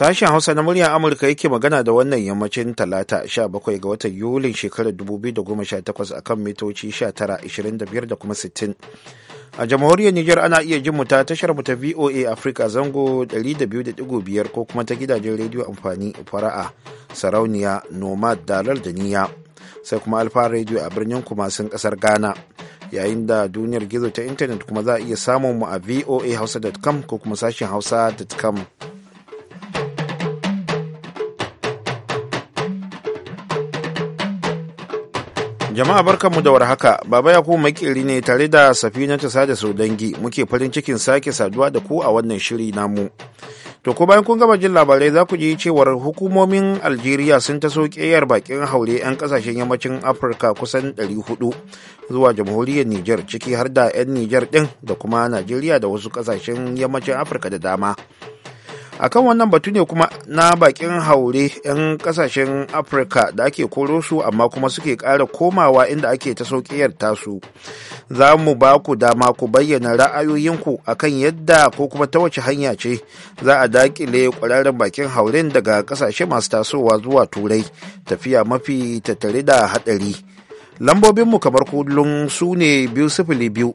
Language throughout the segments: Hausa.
Sashen Hausa na muryar Amurka yake magana da wannan yammacin talata 17 ga watan Yulin shekarar 2018 akan mitoci 19.25 da kuma 60. A jamhuriyar Nijar ana iya jin mu ta tashar mu ta VOA Africa zango 200.5 ko kuma ta gidajen rediyo amfani fara'a sarauniya nomad dalar da niya sai kuma alfa rediyo a birnin kumasin kasar Ghana. Yayin da duniyar gizo ta intanet kuma za a iya samun mu a voa hausa.com ko kuma sashen hausa.com. Jama'a barkanmu da warhaka, Baba Yakubu Makeri ne tare da Safina sada su dangi muke farin cikin sake saduwa da ku a wannan shiri namu. To ko bayan kun gama jin labarai za ku ji cewar hukumomin Algeria sun taso ƙeyar bakin haure 'yan kasashen yammacin Afirka kusan 400 zuwa jamhuriyar Nijar ciki har da 'yan Nijar ɗin da kuma Najeriya da wasu kasashen yammacin Afirka da dama. akan wannan batu ne kuma na bakin haure 'yan kasashen afirka da ake koro su amma kuma suke ƙara komawa inda ake ta saukiyar tasu za mu ba ku dama ku bayyana ra'ayoyinku akan yadda ko kuma ta wace hanya ce za a dakile kwararren bakin hauren daga kasashe masu tasowa zuwa turai tafiya mafi tattare da haɗari lambobinmu kamar kullum su ne biyu sifili biyu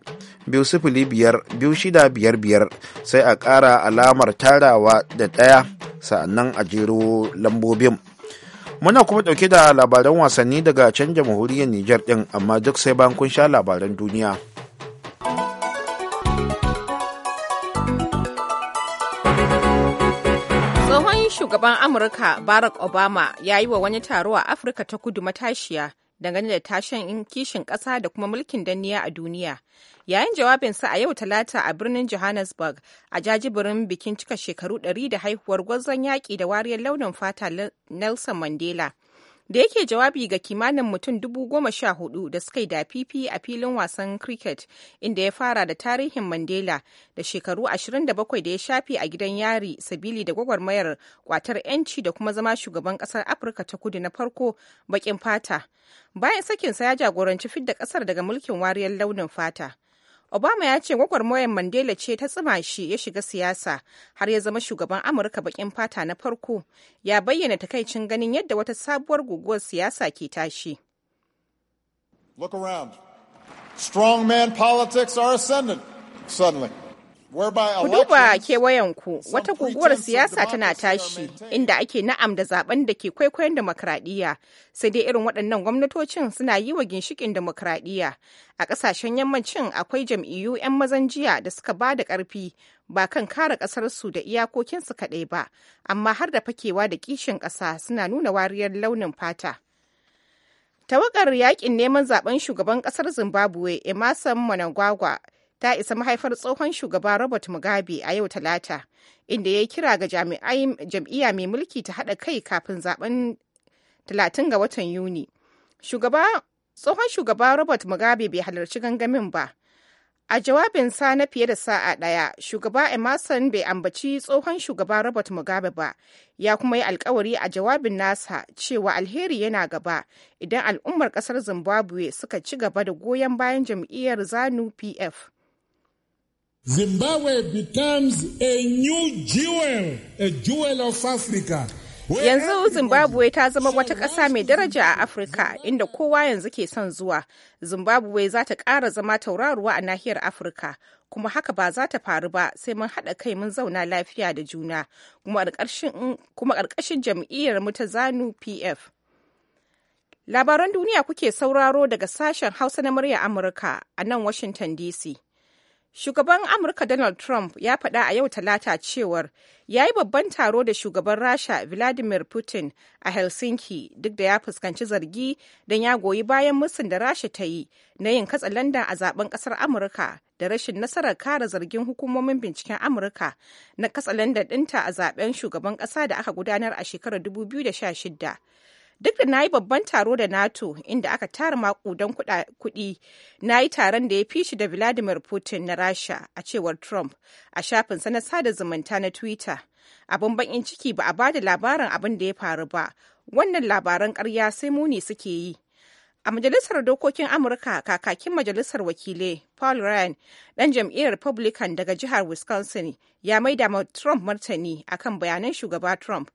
biyu sifili biyar biyu shida biyar biyar sai a ƙara alamar tarawa da ɗaya sa'annan a jero lambobin muna kuma ɗauke da labaran wasanni daga can jamhuriyar nijar ɗin amma duk sai bayan kun sha labaran duniya tsohon shugaban amurka barack obama ya yi wa wani taro a afirka ta kudu matashiya dangane da tashin kishin ƙasa da kuma mulkin danniya a duniya. Yayin jawabinsa a yau Talata a birnin Johannesburg a jajibirin bikin cika shekaru 100 da haihuwar gwazon yaƙi da wariyar launin fata Nelson Mandela. da yake jawabi ga kimanin mutum dubu goma sha hudu da suka yi dafifi a filin wasan cricket inda ya fara da tarihin mandela da shekaru 27 da ya shafi a gidan yari sabili da gwagwarmayar kwatar 'yanci da kuma zama shugaban kasar afirka ta kudu na farko bakin fata bayan sakinsa ya jagoranci fidda kasar daga mulkin wariyar launin fata Obama ya ce gwagwarmayar Mandela ce ta tsima shi ya shiga siyasa har ya zama shugaban Amurka bakin fata na farko ya bayyana takaicin ganin yadda wata sabuwar guguwar siyasa ke tashi. Look around. Strong man politics are ascendant suddenly. Ku duba kewayenku wata guguwar siyasa tana tashi inda ake na'am da zaben da ke kwaikwayon demokradiyya sai dai irin waɗannan gwamnatocin suna yi wa ginshikin demokradiyya. A ƙasashen yammacin akwai jam'iyyu 'yan mazan jiya da suka ba da ƙarfi ba kan kare ƙasarsu da iyakokinsu kaɗai ba, amma har da fakewa da kishin ƙasa suna nuna wariyar launin fata. Tawagar yakin neman zaben shugaban ƙasar Zimbabwe Emerson Mnangagwa ta isa mahaifar tsohon shugaba Robert Mugabe a yau Talata, inda ya kira ga jam'iyya mai mulki ta haɗa kai kafin zaben 30 ga watan Yuni. Shugaba tsohon shugaba Robert Mugabe bai halarci gangamin ba. A jawabinsa na fiye da sa'a ɗaya, shugaba Emerson bai ambaci tsohon shugaba Robert Mugabe ba, ya kuma yi alkawari a jawabin nasa cewa alheri yana gaba idan al'ummar ƙasar Zimbabwe suka ci gaba da goyon bayan jam'iyyar Zanu PF. Zimbabwe becomes a new jewel, a jewel of Africa. Yanzu Zimbabwe ta zama wata ƙasa mai daraja a Afirka inda kowa yanzu ke son zuwa. Zimbabwe za ta ƙara zama tauraruwa a nahiyar Afirka, kuma haka ba za ta faru ba sai mun haɗa kai mun zauna lafiya da juna, kuma ƙarƙashin jam'iyyar mu ta Zanu PF. Labaran duniya kuke sauraro daga sashen Hausa na murya Amurka a nan Washington DC. Shugaban Amurka Donald Trump ya faɗa a yau Talata cewar ya yi babban taro da shugaban Rasha Vladimir Putin a Helsinki duk da ya fuskanci zargi don ya goyi bayan musun da Rasha ta yi na yin katsa landa a zaben ƙasar Amurka da rashin nasarar kare zargin hukumomin binciken Amurka na katsa landa ɗinta a zaben shugaban ƙasa da aka gudanar a shekarar 2016. duk da na yi babban taro da nato inda aka tara makudan kuɗi na yi taron da ya fi shi da vladimir putin na rasha a cewar trump a shafin sa na sada zumunta na twitter abin bakin ciki ba a ba da labarin abin da ya faru ba wannan labaran karya sai muni suke yi A Majalisar Dokokin Amurka kakakin Majalisar Wakilai Paul Ryan ɗan jam'iyyar Republican daga jihar Wisconsin ya maida ma Trump martani akan bayanan shugaba Trump.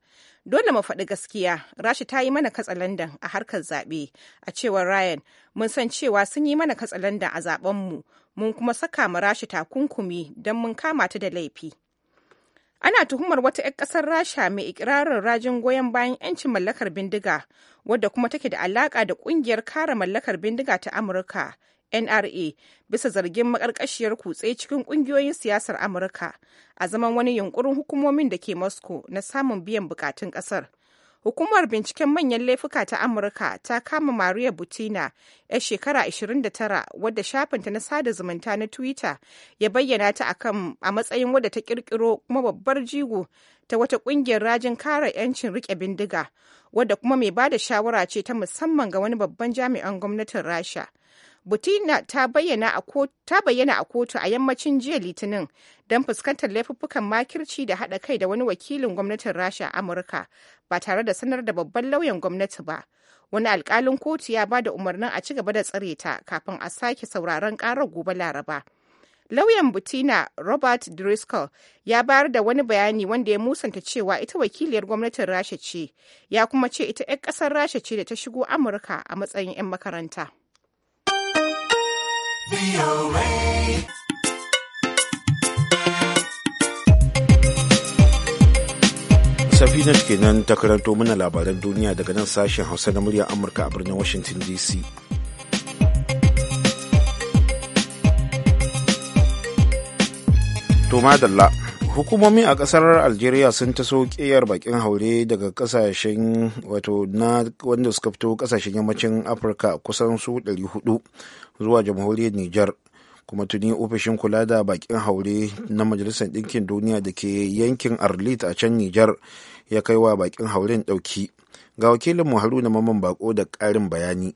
Dole mu faɗi gaskiya, Rasha ta yi mana katsalandan a harkar zaɓe, a cewar Ryan, mun san cewa sun yi mana katsalandan a zaɓenmu, mun kuma saka mu Rasha takunkumi don mun kama ta da laifi. ana tuhumar wata 'yar ƙasar rasha mai ikirarin rajin goyon bayan 'yancin mallakar bindiga wadda kuma take da alaƙa da ƙungiyar kare mallakar bindiga ta amurka nra bisa zargin maƙarƙashiyar kutse cikin ƙungiyoyin siyasar amurka a zaman wani yunkurin hukumomin da ke moscow na samun biyan bukatun ƙasar Hukumar binciken manyan laifuka ta Amurka ta kama Maria Butina, 'yar shekara 29, wadda shafinta na sada zumunta na Twitter ya bayyana ta a matsayin wadda ta kirkiro kuma babbar jigo ta wata kungiyar rajin kare 'yancin rike bindiga, wadda kuma mai bada shawara ce ta musamman ga wani babban jami'an gwamnatin Rasha. Butina ta bayyana a kotu a yammacin jiya Litinin don fuskantar laifuffukan makirci da haɗa kai da wani wakilin gwamnatin Rasha a Amurka ba tare da sanar da babban lauyan gwamnati ba. Wani alkalin kotu ya ba da umarnin a ci gaba da tsare ta kafin a sake sauraron ƙarar gobe Laraba. Lauyan Butina Robert Driscoll ya bayar da wani bayani wanda ya musanta cewa ita wakiliyar gwamnatin Rasha ce, ya kuma ce ita 'yan ƙasar Rasha ce da ta shigo Amurka a matsayin 'yan makaranta. safinat kenan ta karanto mana labaran duniya daga nan sashen hausa na muryar amurka a birnin washington dc to madalla hukumomi a kasar algeria sun ta yar bakin haure daga kasashen wato na wanda suka fito kasashen yammacin afirka kusan su 400 zuwa jamhuriyar niger kuma tuni ofishin kula da bakin haure na majalisar ɗinkin duniya da ke yankin arlit a can niger ya kai wa bakin hauren ɗauki ga wakilin wakilinmu haruna maman bako da ƙarin bayani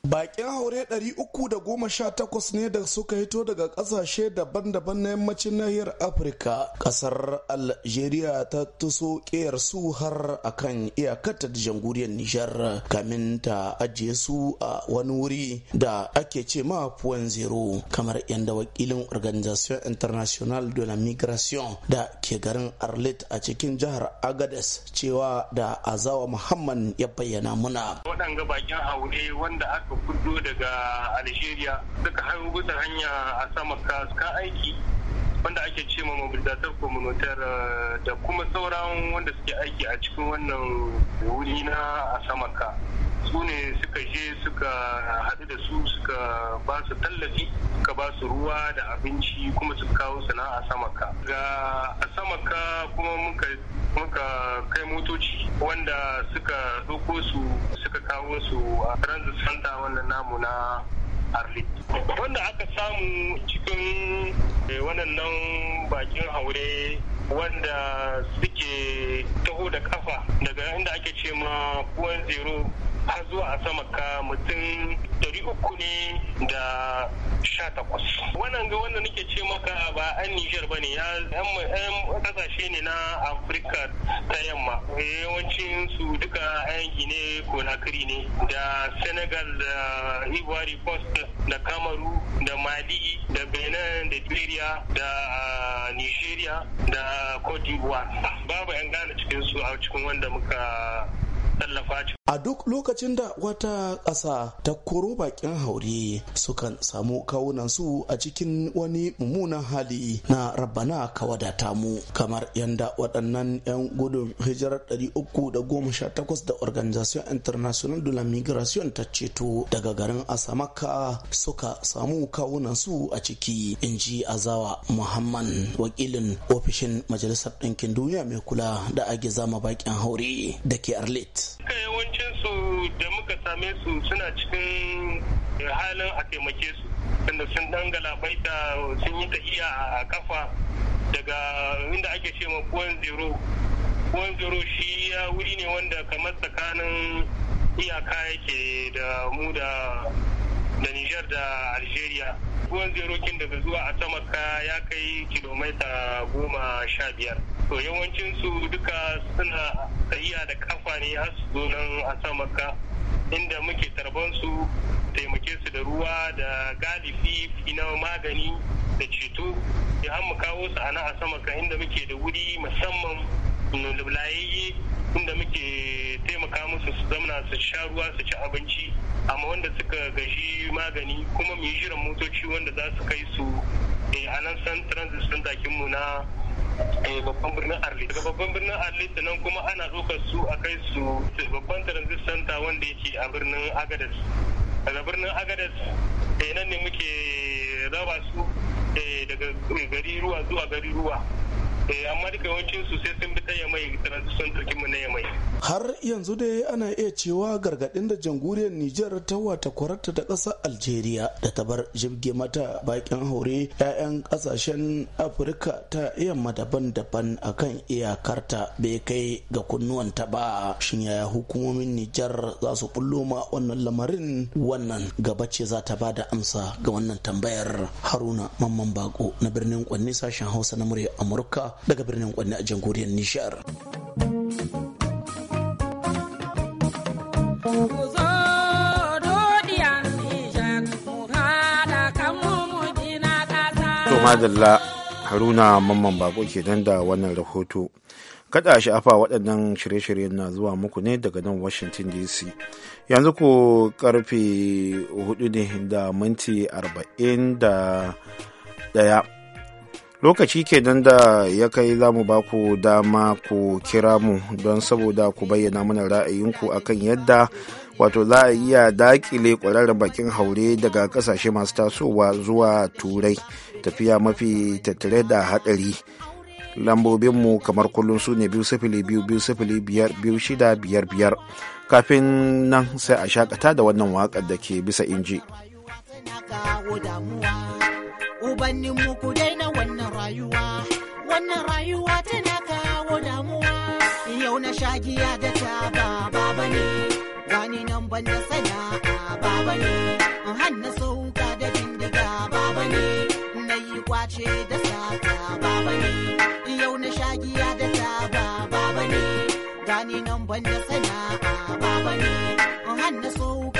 Bakin haure 318 ne da suka hito daga kasashe daban-daban na yammacin nahiyar Afirka. Kasar Algeria ta tuso ƙiyar su har akan iyakarta da jamhuriyar Nijar kamin ta ajiye su a wani wuri da ake ce ma Puan Zero kamar yadda wakilin Organisation International de la Migration da ke garin Arlit a cikin jihar Agades cewa da Azawa Muhammad ya bayyana muna. Waɗanga bakin haure wanda suka fito daga algeria suka hau bisa hanya a sama ka aiki wanda ake ce ma mobilizatar communautaire eh, da kuma sauran wanda suke aiki a cikin wannan wuri na a asamaka su ne suka je suka haɗu da su suka ba su tallafi suka ba su ruwa da abinci kuma suka kawo sana'a samaka ga samaka kuma muka muka kai motoci wanda suka ɗauko su suka kawo su a transit center wannan namu na Arlit. Wanda aka samu cikin eh, nan bakin haure wanda suke taho da ƙafa. daga inda ake ce ma kuwan zero har zuwa a sama ka mutum dari uku ne da sha takwas wannan ga wanda nake ce maka ba an nijar ba ne yan kasashe ne na afirka ta yamma eh, yawancin su duka yan gine konakiri ne da senegal da ivory coast da kamaru da mali da benin da nigeria da ah, nigeria da cote d'ivoire babu yan gane cikinsu a cikin wanda muka a duk lokacin da wata ƙasa ta koro bakin haure sukan samu kawunan su a cikin wani mummunan hali na rabana ka wadata mu kamar yanda waɗannan 'yan gudun hijirar 318 da organization international de la migration ta ceto daga garin asamaka suka samu kawunan su a ciki in ji azawa muhammad wakilin ofishin majalisar ɗinkin duniya mai kula da age zama bakin haure da ke arlit su da muka same su suna cikin halin a taimake su tunda sun dan da sun yi tahiya a kafa daga inda ake ce kuwan zero kuwan zero shi ya wuri ne wanda kamar tsakanin iyaka yake da mu da da Nijar da Algeria. Ruwan zerokin daga zuwa a samarka ya kai kilomita goma sha biyar. To yawancinsu duka suna tsayiya da kafa ne har su zo nan a samarka inda muke tarbansu taimake su da ruwa da galifi na magani da ceto. Ya mu kawo su a nan a inda muke da wuri musamman layayye inda muke taimaka musu su zamana su sha ruwa su ci abinci amma wanda suka gaji magani kuma mu yi jiran motoci wanda za su kai su eh, a nan san transit center mu na eh, babban birnin arlit daga babban birnin arlit nan kuma ana ɗaukar su a kai su eh, babban transit center wanda yake a birnin agadas daga birnin agadas nan ne muke raba su daga gari ruwa zuwa gari ruwa Eh, amma duka yawancin su sun bi ta yamai transition turki mu na yamai har yanzu dai ana iya cewa gargadin da jamhuriyar Nijar ta wata kwararta da ƙasar Algeria da ta bar jirgi mata bakin haure 'ya'yan ƙasashen Afirka ta yamma daban-daban a kan iyakarta bai kai ga kunnuwanta ba shin yaya hukumomin Nijar za su bullo ma wannan lamarin wannan gaba ce za ta da amsa ga wannan tambayar Haruna Mamman Bako na birnin Kwanni sashen Hausa na murya Amurka daga birnin Kwanne a jamhuriyar Nishar. madalla haruna mamman bako ke nan da wannan rahoto kada sha'afa waɗannan shirye-shirye na zuwa muku ne daga nan washington dc yanzu ku karfe 4 ne da minti 41 lokaci kenan da ya kai zamu mu ba ku dama ku kira mu don saboda ku bayyana mana ra'ayinku a kan yadda wato za a iya dakile kwararren bakin haure daga kasashe masu tasowa zuwa turai tafiya mafi tattare da hadari lambobinmu kamar kullum su ne biyu sifili biyu biyu sifili biyar biyu shida biyar biyar kafin nan sai a shakata da wannan wakar da ke bisa inji. Ubannin mu ku daina wannan rayuwa wannan rayuwa tana kawo damuwa yau na shagiya da ta, ba baba ne wani nan ban da sana'a baba ne hanna sauka da bindiga baba ne na yi kwace da saka baba ne yau na shagiya da ta, ba baba ne gani nan ban da sana'a baba ne hanna sauka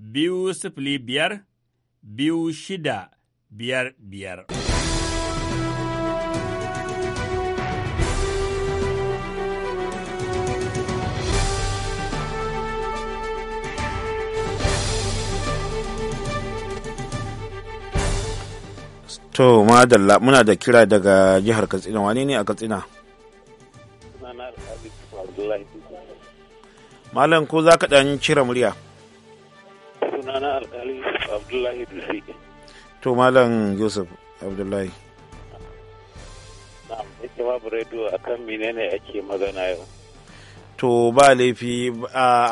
biyu sifili biyar biyu shida biyar biyar. To, madalla muna da kira daga jihar Katsina, wani ne a Katsina? Malam ko za ka ɗan cire murya? sunana yusuf abdullahi to malam yusuf abdullahi rediyo akan menene ake magana yau to ba laifi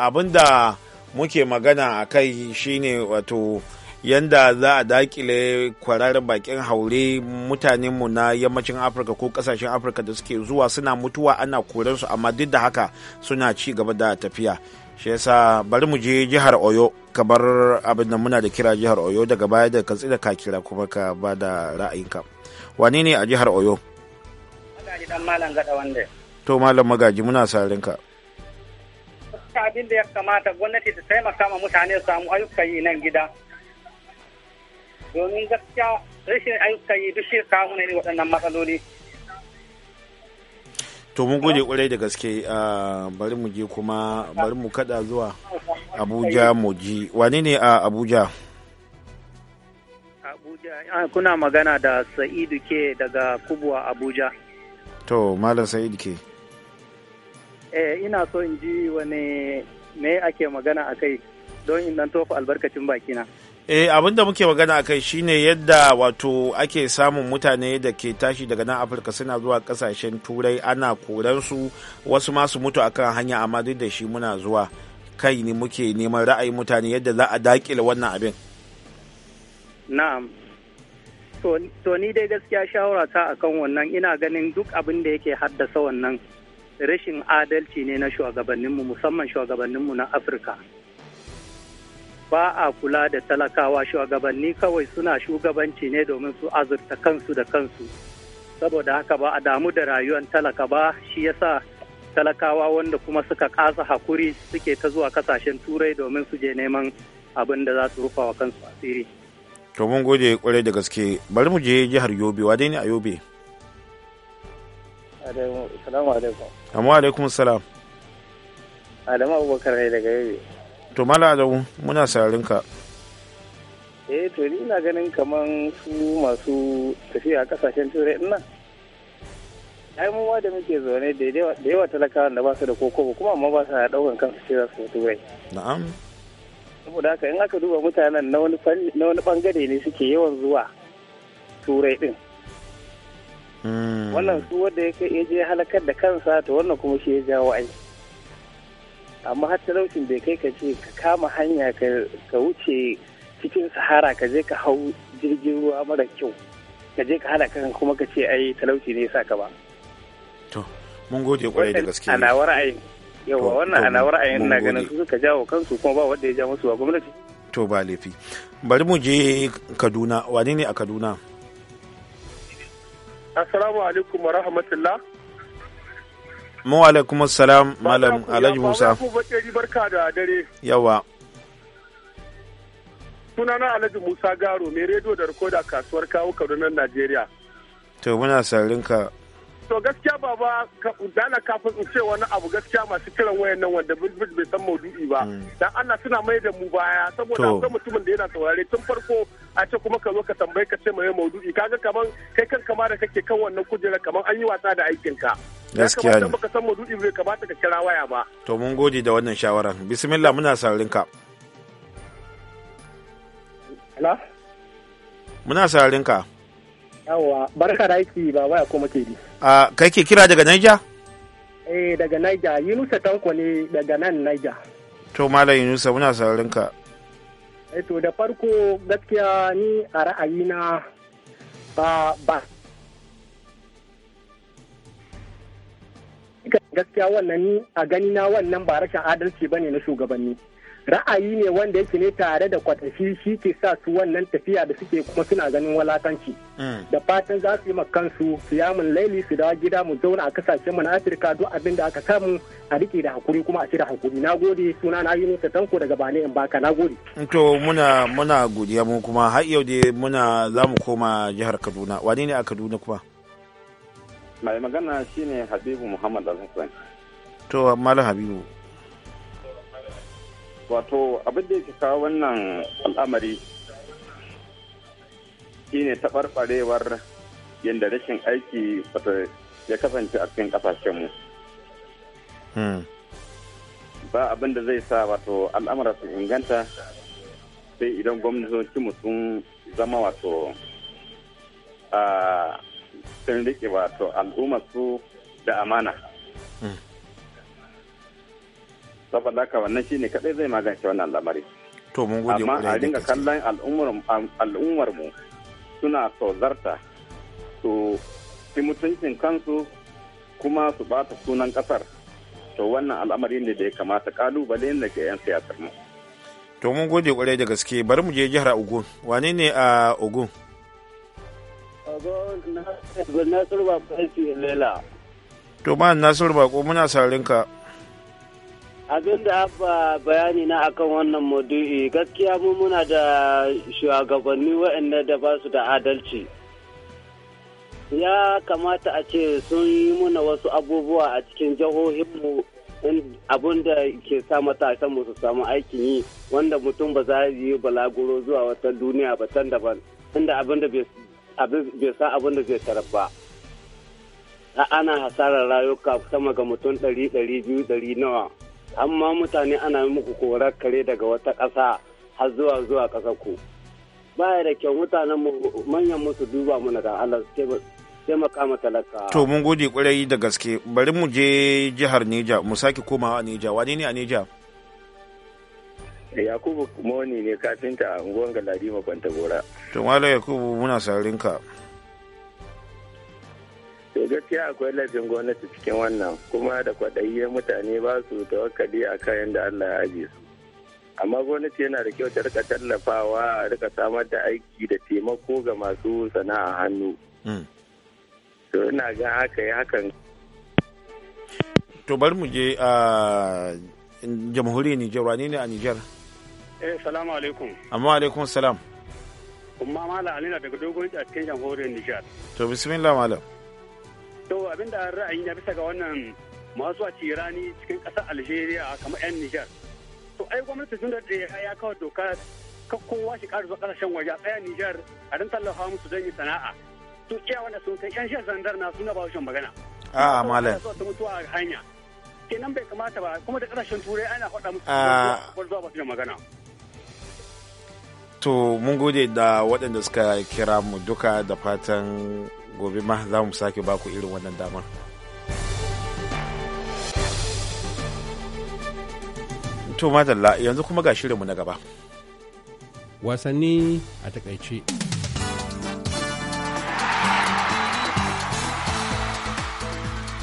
abinda muke magana a kai shine wato yanda za a dakile kwarar bakin haure mutanenmu na yammacin afirka ko kasashen afirka da suke zuwa suna mutuwa ana koransu amma duk da haka suna ci gaba da tafiya shi yasa bari mu je jihar oyo ka bar abin nan muna da kira jihar oyo daga baya da katsi da ka kira kuma ka ba da ra'ayinka wani ne a jihar oyo magaji dan malam gada wanda to malam magaji muna sarin ka abin da ya kamata gwamnati ta taimaka ma mutane su samu ayyuka yi nan gida domin gaskiya rashin ayyuka yi duk shi kawo ne waɗannan matsaloli to mun gode kwarai da gaske ah, bari mu je kuma bari mu kada zuwa Abuja Moji. Wane ne a Abuja? Abuja, ah, kuna magana da Sa'idu ke daga Kubwa Abuja. To, Malam Sa'idu ke. Eh, ina so in ji wane me ake magana a kai don in dan tofa albarkacin bakina. Eh, abin da muke magana a kai shine yadda wato ake samun mutane da ke tashi daga nan Afirka suna zuwa kasashen turai ana koransu wasu masu mutu akan hanya amma duk da shi muna zuwa. kai ne muke neman ra'ayin mutane yadda za a dakile wannan abin na'am to ni dai gaskiya shawara ta akan wannan ina ganin duk abin da yake haddasa wannan rashin adalci ne na shugabanninmu musamman shugabanninmu na afirka ba a kula da talakawa shugabanni kawai suna shugabanci ne domin su azurta kansu da kansu saboda haka ba a damu da rayuwar talaka ba shi yasa talakawa wanda kuma suka kasa hakuri suke ta zuwa kasashen turai domin su je neman abin da za su rufa wa kansu asiri. To mun gode kwarai da gaske bari mu je jihar Yobe wa dai ne a Yobe. Salamu alaikum. Amma alaikum salam. Adamu Abubakar ne daga Yobe. To mala Adamu muna sararin ka. Eh to ni ina ganin kaman su masu tafiya kasashen turai ina. ai mu da muke zaune da yawa talakawan da ba su da koko kuma amma ba su na daukan kansu ce za su mutu bai na'am saboda haka in aka duba mutanen na wani bangare ne suke yawan zuwa turai din hmm. wannan su wanda ya kai je halakar da kansa to wannan kuma shi ya jawo ai amma har talaucin bai kai ka ce ka kama hanya ka wuce cikin sahara ka je ka hau jirgin ruwa mara kyau ka je ka hana kan kuma ka ce ai talauci ne ya sa ka ba to mun gode kwarai da gaske ana ra'ayi yawa wannan ana ra'ayin na ganin su suka jawo kansu kuma ba wanda ya ja musu ba gwamnati to ba laifi bari mu je kaduna wani ne a kaduna assalamu alaikum wa rahmatullah mu alaikum assalam malam alhaji musa Ba ku barka da dare yawa sunana alhaji musa garo mai rediyo da rikoda kasuwar kawo kaduna najeriya to muna sarrinka to gaskiya da dana kafin in ce wani abu gaskiya masu kiran wayan nan wanda bilbil bai san maudu'i ba hmm. dan Allah suna mai da mu baya saboda akwai mutumin da yana saurare tun farko a ce kuma ka zo ka tambaye ka ce mai maudu'i kaga kaman kai kan kama da kake kan wannan kujera kaman an yi wasa da aikin ka gaskiya ne baka san maudu'i bai kamata ka kira waya ba to mun gode da wannan shawaran bismillah muna saurin ka muna saurin ka yawa barka da aiki ba waya ko makeri A kai ke kira daga Naija? Eh daga Naija, Yunusa Tanko ne daga nan Naija. To Malam Yunusa muna sauraron ka. Eh to da farko gaskiya ni a ra'ayina ba ba gaskiya wannan ni a ganina wannan ba rashin adalci bane na shugabanni. ra'ayi ne wanda yake ne tare da kwatashi shi ke sa su wannan tafiya da suke kuma suna ganin walakanci mm. da fatan za su yi makansu su yamun laili su dawa gida mu zauna a kasashen mu na afirka duk abin da aka samu a rike da hakuri kuma a cire hakuri na gode suna na yunusa tanko daga bane in baka na gode to muna muna godiya mu kuma har yau dai muna za mu koma jihar kaduna wani ne a kaduna kuma mai magana shine habibu muhammad alhassan to malam habibu wato abin da yake kawo wannan al'amari shine taɓarɓarewar yadda rashin aiki ya kasance a cikin ƙasashenmu. Hmm. ba abin da zai sa wato al'amura su inganta sai idan mu sun zama wato a ah, sun riƙe wato al'ummar su da amana. Hmm. saboda haka wannan ne kadai zai magance wannan al'amari to mun gode amma a dinga kallon al'ummar mu suna sozarta su fi mutuncin kansu kuma su bata sunan kasar to wannan al'amari ne da ya kamata kalubale ne ga 'yan siyasar mu to mun gode kwarai da gaske bari mu je jihar ogun wane ne a ogun nasiru bako to ma nasiru bako muna sarin ka abin da abba bayani na akan wannan maudu'i gaskiya mu muna da shugabanni waɗanda da ba su da adalci ya kamata a ce sun yi muna wasu abubuwa a cikin jihohinmu abin da ke sa matasan mu su samu aikin yi wanda mutum ba za yi balaguro zuwa wata duniya ba can daban inda abin da bai sa abin da zai tarar ba ana hasarar rayuka sama ga mutum ɗari ɗari biyu ɗari nawa amma mutane ana muku korar kare daga wata ƙasa har zuwa zuwa ƙasa ku baya da kyau mutanen manyan musu duba mana da Allah sai taimaka ma talaka to mun gode kwarai da gaske bari mu je jihar Neja mu sake komawa a Neja wane ne a Neja Yakubu Moni ne kafinta a unguwar Galadima Makwanta Gora Yakubu muna sarinka ka to gaskiya akwai laifin gwamnati cikin wannan kuma da kwaɗayi mutane ba su tawakkali a kayan da allah ya ajiye su amma gwamnati yana da kyau ta rika tallafawa a rika samar da aiki da taimako ga masu sana'a hannu hmm. to ina ga haka ya hakan to bari mu je a jamhuriyar Nijar wani ne a Nijar? Eh salamu alaikum. Amma alaikum salam. Kuma mala alina daga dogon a cikin jamhuriyar Nijar. To bismillah malam. to abinda ra'ayi na bisa ga wannan masu a rani cikin ƙasar algeria kamar 'yan nijar to ai gwamnati sun da ya kawo doka ka kowa shi ƙara zuwa ƙasashen waje a tsaya nijar a don tallafa musu don yi sana'a to iya wanda sun kai 'yan shan zandar na suna ba shan magana ah, a malam ta mutuwa a hanya kenan bai kamata ba kuma da ƙasashen turai ana faɗa musu ah. zuwa ba su magana to mun gode da waɗanda suka kira mu duka da fatan gobe ma za mu sake baku irin wannan damar. To madalla yanzu kuma ga shirinmu na gaba. Wasanni a takaice.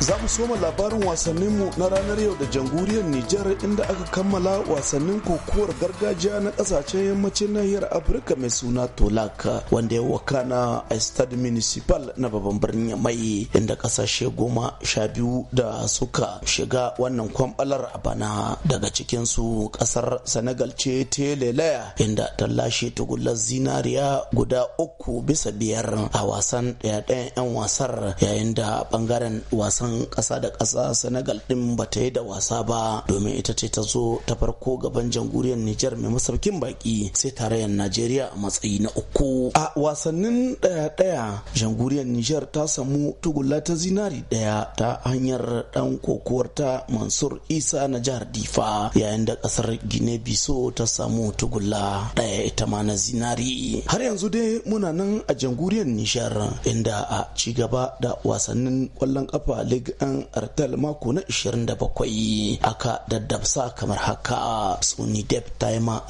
Za mu soma labarin wasannin mu na ranar yau da jamhuriyar Nijar inda aka kammala wasannin kokowar gargajiya na kasashen yammacin nahiyar Afirka mai suna Tolaka wanda ya wakana a Stade Municipal na babban birnin Mai inda kasashe goma sha biyu da suka shiga wannan kwambalar a bana daga cikinsu kasar Senegal ce telelaya inda ta lashe tugullar zinariya guda uku bisa biyar a wasan ɗaya ɗayan 'yan wasar yayin da bangaren wasan wasan ƙasa da ƙasa senegal ɗin ba ta yi da wasa ba domin ita ce ta zo ta farko gaban jamhuriyar nijar mai masaukin baki sai tarayyar najeriya a matsayi na uku a wasannin ɗaya-ɗaya jamhuriyar nijar ta samu tugula ta zinari daya ta hanyar dan kokowar ta mansur isa na jihar difa yayin da ƙasar gine biso ta samu tugula ɗaya ita ma na zinari har yanzu dai muna nan a jamhuriyar nijar inda a ci gaba da wasannin ƙwallon ƙafa league an artal mako na 27 aka daddabsa kamar haka tsuni dep ta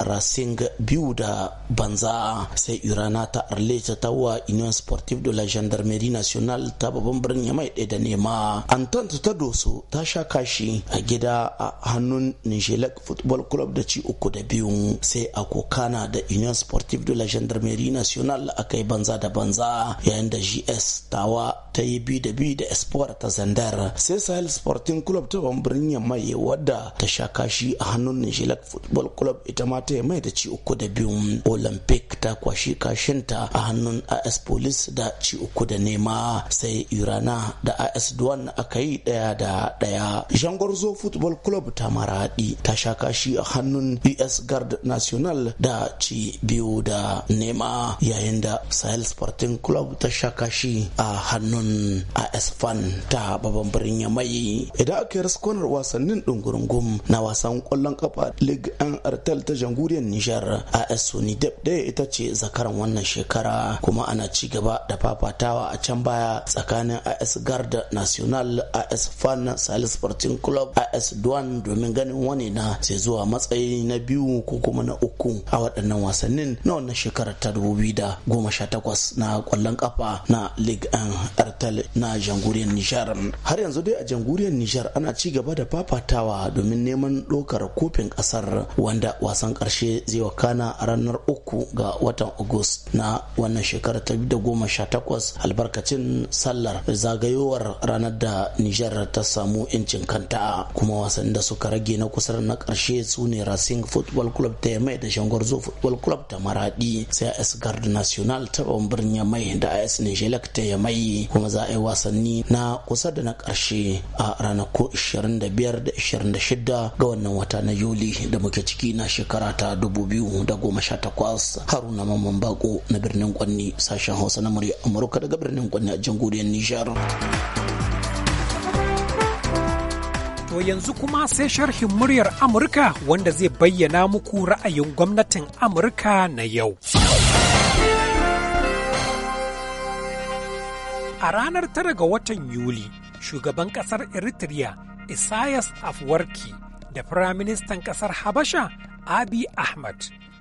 racing biyu da banza sai irana ta arle ta tawa union sportive de la gendarmerie nationale ta babban birnin mai ɗaya da nema antanta ta doso ta sha kashi a gida a hannun nigelec football club da ci uku da biyu sai a kokana da union sportive de la gendarmerie nationale aka yi banza da banza yayin da gs tawa ta yi bi da bi da espoir ta zanda niger sai sahel sporting club ta bambirin yamai wadda ta sha kashi a hannun nigeria football club ita ma ta mai da ci uku da biyu olympic ta kwashi kashinta a hannun as police da ci uku da nema sai urana da as duwan aka yi daya da daya jangorzo football club ta maradi ta sha kashi a hannun us guard national da ci biyu da nema yayin da sahel sporting club ta sha kashi a hannun as fan ta babban birnin ya idan aka yi raskonar wasannin ɗungurungun na wasan ƙwallon kafa lig an artel ta jamhuriyar nijar a sony dab ɗaya ita ce zakaran wannan shekara kuma ana ci gaba da fafatawa a can baya tsakanin as garda national as fan salis sporting club as duan domin ganin wani na sai zuwa matsayi na biyu ko kuma na uku a waɗannan wasannin na wannan shekarar ta goma sha takwas na ƙwallon kafa na lig an artel na jamhuriyar nijar har yanzu dai a jamhuriyar nijar ana ci gaba da fafatawa domin neman ɗaukar kofin ƙasar wanda wasan ƙarshe zai wakana a ranar uku ga watan agus na wannan shekarar ta da goma sha takwas albarkacin sallar zagayowar ranar da nijar ta samu incin kanta kuma wasan da suka rage na kusa na ƙarshe su ne racing football club ta yamai da shangwarzo football club ta maradi sai as guard national ta birnin yamai da as nijelak ta yamai kuma za a yi wasanni na kusa da na ƙarshe a ranako 25 da 26 ga wannan wata na Yuli da muke ciki na shekara ta 2018 Haruna Mamman Bako na birnin Kwanni sashen Hausa na murya Amurka daga birnin Kwanni a jamhuriyar Nijar. To yanzu kuma sai sharhin muryar Amurka wanda zai bayyana muku ra'ayin gwamnatin Amurka na yau. a ranar tara ga watan Yuli, shugaban ƙasar eritrea Isaias afwarki da firaministan ƙasar habasha abi ahmad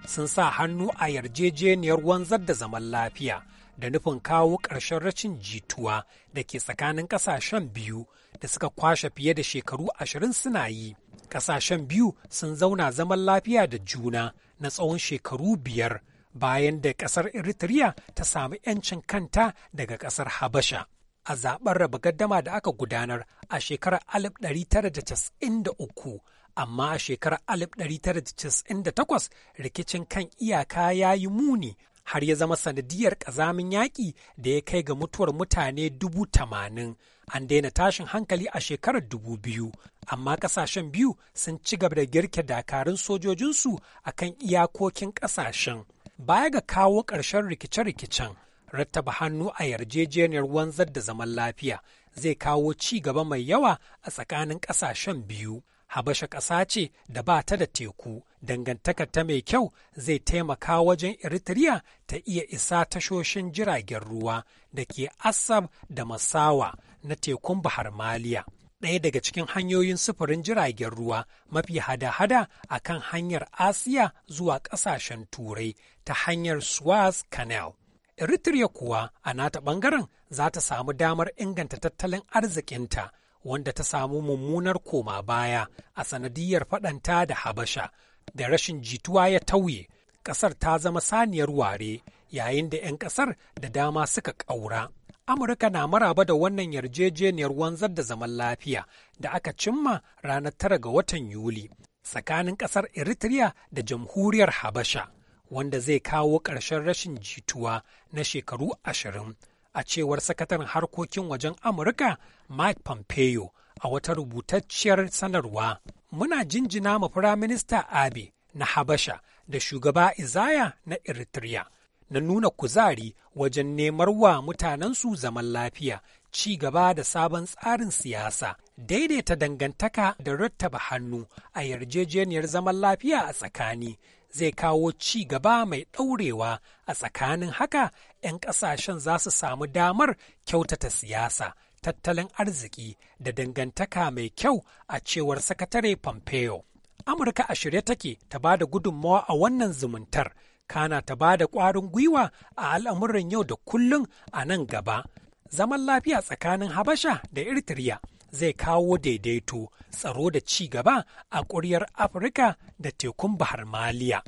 sun sa hannu a yarjejeniyar wanzar da zaman lafiya da nufin kawo ƙarshen rashin jituwa da ke tsakanin ƙasashen biyu da suka kwashe fiye da shekaru ashirin suna yi ƙasashen biyu sun zauna zaman lafiya da juna na tsawon shekaru biyar bayan da ƙasar eritrea ta samu 'yancin kanta daga ƙasar habasha a zaben raba gaddama da aka gudanar a shekarar 1993 amma a shekarar 1998 rikicin kan iyaka ya yi muni har ya zama sanadiyar ƙazamin yaƙi da ya kai ga mutuwar mutane dubu tamanin an daina tashin hankali a shekarar dubu biyu amma ƙasashen biyu sun ci gaba da girke dakarun sojojinsu a kan iyakokin ƙasashen baya ga kawo ƙarshen rikice-rikicen rattaba hannu a yarjejeniyar wanzar da zaman lafiya zai kawo ci gaba mai yawa a tsakanin ƙasashen biyu. Habasha ƙasa ce da ba ta da teku, dangantakar ta mai kyau zai taimaka wajen Eritrea ta iya isa tashoshin jiragen ruwa da ke Assab da Masawa na tekun Bahar Maliya. ɗaya daga cikin hanyoyin sufurin jiragen ruwa mafi hada-hada a kan hanyar Asiya zuwa ƙasashen Turai ta hanyar Suez Canal. Eritrea kuwa a nata ɓangaren za ta samu damar inganta tattalin arzikinta wanda ta samu mummunar koma baya a sanadiyar faɗanta da Habasha da rashin jituwa ya tauye. Ƙasar ta zama saniyar ware yayin da 'yan ƙasar da dama suka ƙaura. Amurka na maraba da wannan yarjejeniyar wanzar da zaman lafiya da aka cimma ranar tara ga watan Yuli tsakanin ƙasar Eritrea da jamhuriyar Habasha. wanda zai kawo ƙarshen rashin jituwa na shekaru ashirin a cewar sakataren harkokin wajen amurka mike pompeo a wata rubutacciyar sanarwa muna jinjina ma firaminista abe na habasha da shugaba izaya na eritrea na nuna kuzari wajen nemar wa mutanensu zaman lafiya ci gaba da sabon tsarin siyasa daidaita dangantaka da rattaba hannu a yarjejeniyar zaman lafiya a tsakani zai kawo ci gaba mai ɗaurewa a tsakanin haka 'yan ƙasashen za su samu damar kyautata siyasa tattalin arziki da dangantaka mai kyau a cewar sakatare pompeo amurka a shirye take ta ba da gudunmawa a wannan zumuntar kana ta ba da ƙwarin gwiwa a al'amuran yau da kullun a nan gaba zaman lafiya tsakanin habasha da eritrea zai kawo daidaito tsaro da ci gaba a ƙuryar afirka da tekun bahar maliya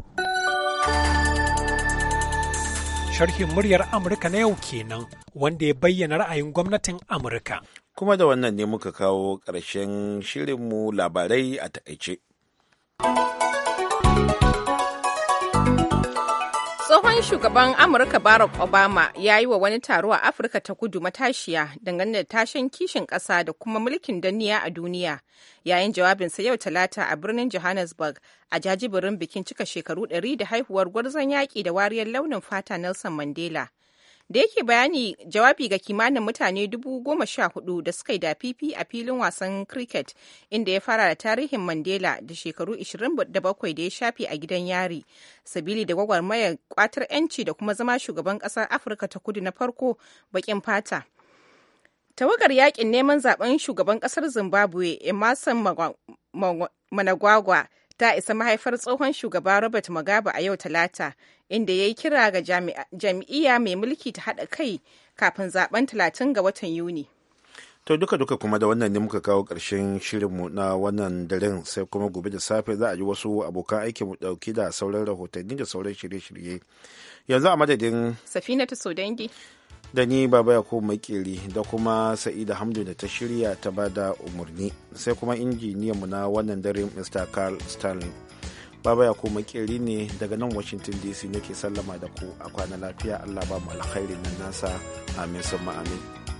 sharhin muryar amurka na yau kenan wanda ya bayyana ra'ayin gwamnatin amurka kuma da wannan ne muka kawo ƙarshen shirinmu labarai a takaice. shugaban Amurka Barack Obama ya yi wa wani taro a Afirka ta kudu matashiya dangane da tashen kishin ƙasa da kuma mulkin danniya a duniya yayin jawabinsa yau talata a birnin Johannesburg a jajibirin bikin cika shekaru 100 da haihuwar gwarzon yaƙi da wariyar launin fata Nelson Mandela. da yake bayani jawabi ga kimanin mutane dubu goma sha hudu da suka yi dafifi a filin wasan cricket inda ya fara da tarihin mandela da shekaru 27 da ya shafi a gidan yari sabili da gwagwarmayar kwatar 'yanci da kuma zama shugaban kasar afirka ta kudu na farko bakin fata tawagar yakin neman zaben shugaban kasar zimbabwe emerson managwagwa ta isa mahaifar tsohon shugaba robert mugabe a yau talata inda ya yi kira ga jam'iyya mai mulki ta haɗa kai kafin zaben 30 ga watan Yuni. To duka-duka kuma da wannan ne muka kawo ƙarshen shirinmu na wannan daren sai kuma gobe da safe za a ji wasu abokan aiki mu ɗauki da sauran rahotanni da sauran shirye-shirye. Yanzu a madadin... Safina ta dangi. Da ni Baba ya Yakubu Makeri da kuma Sa'ida Hamdu da ta shirya ta bada umarni sai kuma injiniyanmu na wannan dare Mr. Carl Stanley. baba ya koma makeri ne daga nan washington dc nake sallama da ku a kwana lafiya allah ba mu alkhairi nan nasa amin sun amin